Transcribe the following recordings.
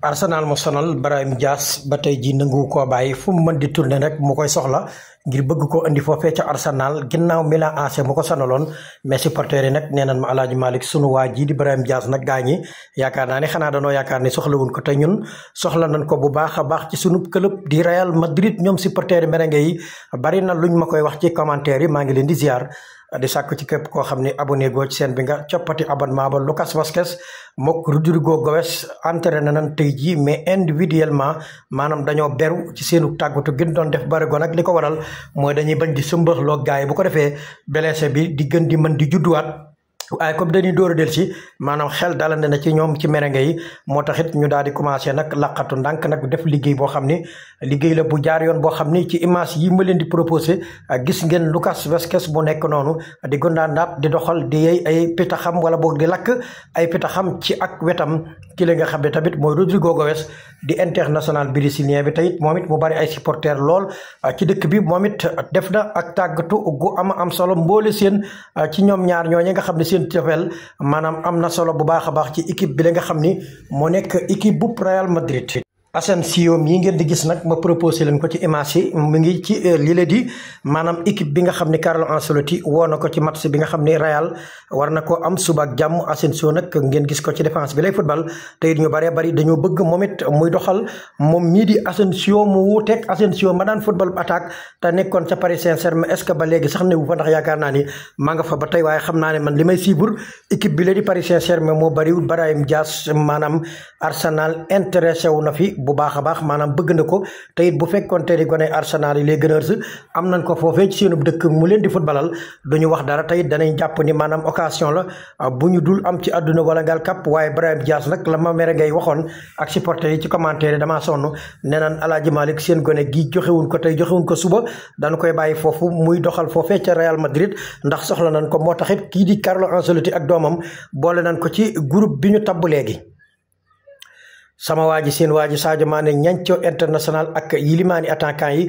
Arsenal mo sonal Brahim Diaz ba tey ji nangu koo bàyyi fu mu mën di tourné rek mu koy soxla ngir bëgg ko indi foofee ca Arsenal ginnaaw Milan AC mu ko sonaloon mais supporters yi nag nee nañ ma Alaaji Malick sunu waa ji di Brahim Diaz nag gaañi yaakaar naa ne xanaa danoo yaakaar ni soxlawuñ ko te ñun soxla nañ ko bu baax a baax ci sunu club di Real Madrid ñoom supporters yi merengue yi bari na luñ ma koy wax ci commentaire yi maa ngi leen di ziar di sàkk ci képp koo xam ni abone goo ci seen bi nga coppati abonnement ba Lucas Vazquez mook Rodrygo Goes entraîné nañ tey jii mais individuellement maanaam dañoo beru ci seenu tàggatu gën doon def barigo nag li ko waral mooy dañuy bañ di sëmbaxloo gaay bu ko defee blessé bi di gën di mën di judduwaat waaye comme dañuy door a del si maanaam xel dalande na ci ñoom ci merengue yi moo tax ñu daal di nag laqatu ndànk nag def liggéey boo xam ni liggéey la bu jaar yoon boo xam ni ci image yi ma leen di proposé gis ngeen Lucas Vazquez bu nekk noonu di gondaandaat di doxal di yey ay xam wala boog di lakk ay xam ci ak wetam ki la nga xam ne tamit mooy Rodrigo Goes di international brésilien bi tayit moom it mu bari ay supporter lool ci dëkk bi moom it def na ak tàggatu gu ama am solo mboole seen seen cofeel maanaam am na solo bu baax a baax ci équipe bi la nga xam ni moo nekk équipe bu Real Madrid. Asensio yi ngeen di gis nag ma proposé leen ko ci image mu ngi ci euh, li la di maanaam équipe bi nga xam ne Carlo Ancelotti woo na ko ci match bi nga xam ne Real war na koo am suba ak jàmm Asensio nag ngeen gis ko ci défense bi lay football te it ñu bëree bëri dañoo bëgg moom it muy doxal moom mii di Asensio mu wuuteeg Asensio ma daan football attaque te nekkoon ca Paris Saint-Germain est ce que ba léegi sax ne bu fa ndax yaakaar naa ni maa nga fa ba tey waaye xam naa ne man li may siibur équipe bi la di Paris Saint-Germain moo bëriwul Brahim Diaz maanaam Arsenal intéressé wu na fi. bu baax a baax maanaam bëgg na ko te bu fekkoonte ni gone Arsenal yi les Gunners am nañ ko foofee ci seenu dëkk mu leen di footballal du ñu wax dara te it danañ jàpp ni maanaam occasion la ah, bu ñu dul am ci àdduna wala ngal kàpp waaye Brahim Diaz nag la ma mere ngay waxoon ak supporter yi ci commentaire yi damaa sonn nee naan Alaaji seen gone gi joxewuñ ko tey joxewuñ ko suba dana koy bàyyi foofu muy doxal foofee ca Real Madrid ndax soxla nañ ko moo taxit kii di Carlo Ancelotti ak doomam boole nañ ko ci groupe bi ñu tabb léegi sama waa ji seen waa ji Sadio Mané ñancoo international ak yilimaani attaquant yi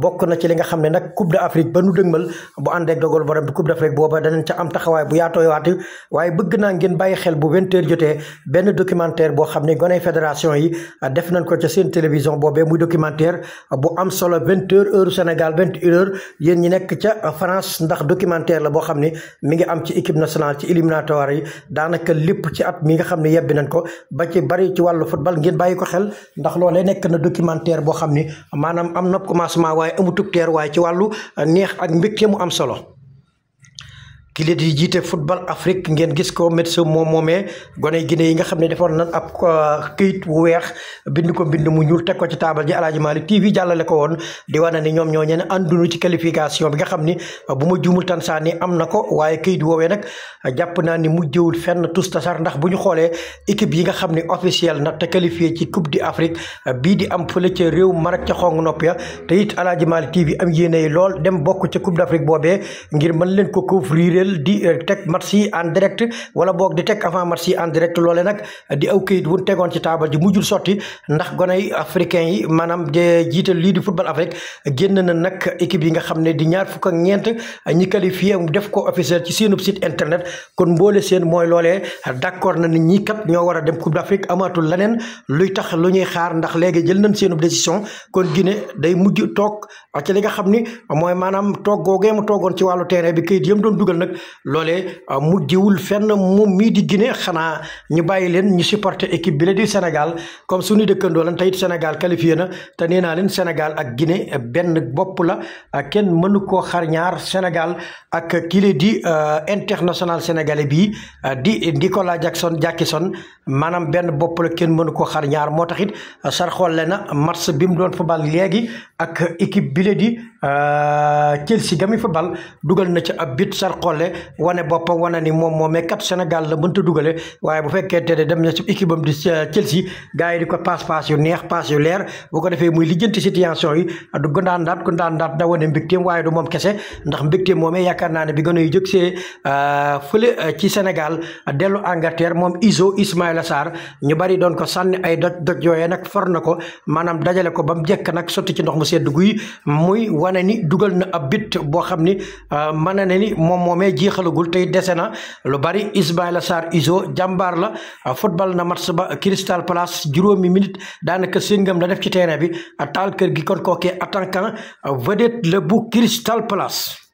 bokk na ci li nga xam ne nag coupe d'Afrique ba nu dëgmal bu ànd ak dogal borom bi coupe d'Afrique booba danañ ca am taxawaay bu yaatoo yaatu waaye bëgg naa ngeen bàyyi xel bu vingt heures jotee benn documentaire boo xam ne goney fédération yi def nañ ko ca seen télévision boobee muy documentaire bu am solo vingt heures heure Sénégal vingt une yéen ñi nekk ca France ndax documentaire la boo xam ne mi ngi am ci équipe nationale ci éliminatoire yi daanaka lépp ci at mi nga xam ne yebbi nañ ko ba ci bari ci wàllu football waral ngeen bàyyi ko xel ndax loolee nekk na documentaire boo xam ni maanam am na commencement waaye amutuk teer waaye ci wàllu neex ak mbégte mu am solo kile di jiite football Afrique ngeen gis ko Metso moom moomee gone Guinée yi nga xam ne defoon nan ab euh, këyit wu weex bind ko bind mu ñuul teg ko ci taabal ji Aladji Malick TV jàllale ko woon di wane ni ñoom ñoo ñeen àndunu ci qualification bi nga xam ni euh, bu ma juumul Tanzanie am na ko waaye këyit woowee nag euh, jàpp naa ni mu jëwul fenn tus tasar ndax bu ñu xoolee équipe yi nga xam ne officiel na te qualifié ci Coupe d'Afrique bii di am fële ca réew Maroc ca xong nopp ya te it Aladji Malick TV am yéene lool dem bokk ca Coupe d'Afrique boobe ngir mën leen ko couvrir kuréel di eh, teg match yi en direct wala boog di teg avant match yi en direct loole nag di aw kayit wun tegoon ci taabal ji mujjul sotti ndax goney africain yi maanaam de jiital lii di football afrique génn na nag équipe yi nga xam ne di ñaar fukk ak ñeent ñi qualifié def ko officiel ci seenub site internet kon mboole seen mooy loolee d'accord na nit ñi kat ñoo war a dem coupe d'afrique amaatul leneen luy tax lu ñuy xaar ndax léegi jël nañ seenub décision kon Guinée day mujj toog loolee ah, mujjiwul fenn moom mii di Guinée xanaa ñu bàyyi leen ñu supporter équipe bi la di Sénégal comme suñu dëkkandoo lan teyit Sénégal qualifié na te nee naa leen Sénégal ak Guinée benn bopp la ah, kenn mënu koo xar Sénégal ak kile di ah, international sénégalais bii di Nicolas Jackson Jackison maanaam benn bopp la kenn mënu koo xar moo tax it sarxolle na match bi mu doon football léegi ak équipe bi di Euh, Chelsea ga muy football dugal na ci ab but sar xolle wane boppam wane ni moom moom moomee kat Sénégal la mënta dugale waaye bu fekkee te dem na ci équipe am di euh, Chelsea gars yi di ko passe passe neex passe yu leer bu ko defee muy lijjanti situation yi du gëndaan daat gëndaan daat da wane mbégteem waaye du moom kese ndax mbégteem moomee yaakaar naa ne bi gën a jóg see euh, fële ci Sénégal dellu Angleterre moom Iso Ismaïla Sarr ñu bari doon ko sànni ay doj doj yooyee nag for na ko maanaam dajale ko ba mu jekk nag sotti ci ndox mu sedd guy muy na ni dugal na ab bit boo xam ni euh, mën na ne ni moom moomee jeexalagul tey dese na lu bari Ismaïla Sarr Iso jàmbaar la football na match ba Crystal Palace juróomi minute daanaka séngam la def ci terrain bi taal kër gi kon kookee attaquant vedette la bu Crystal Palace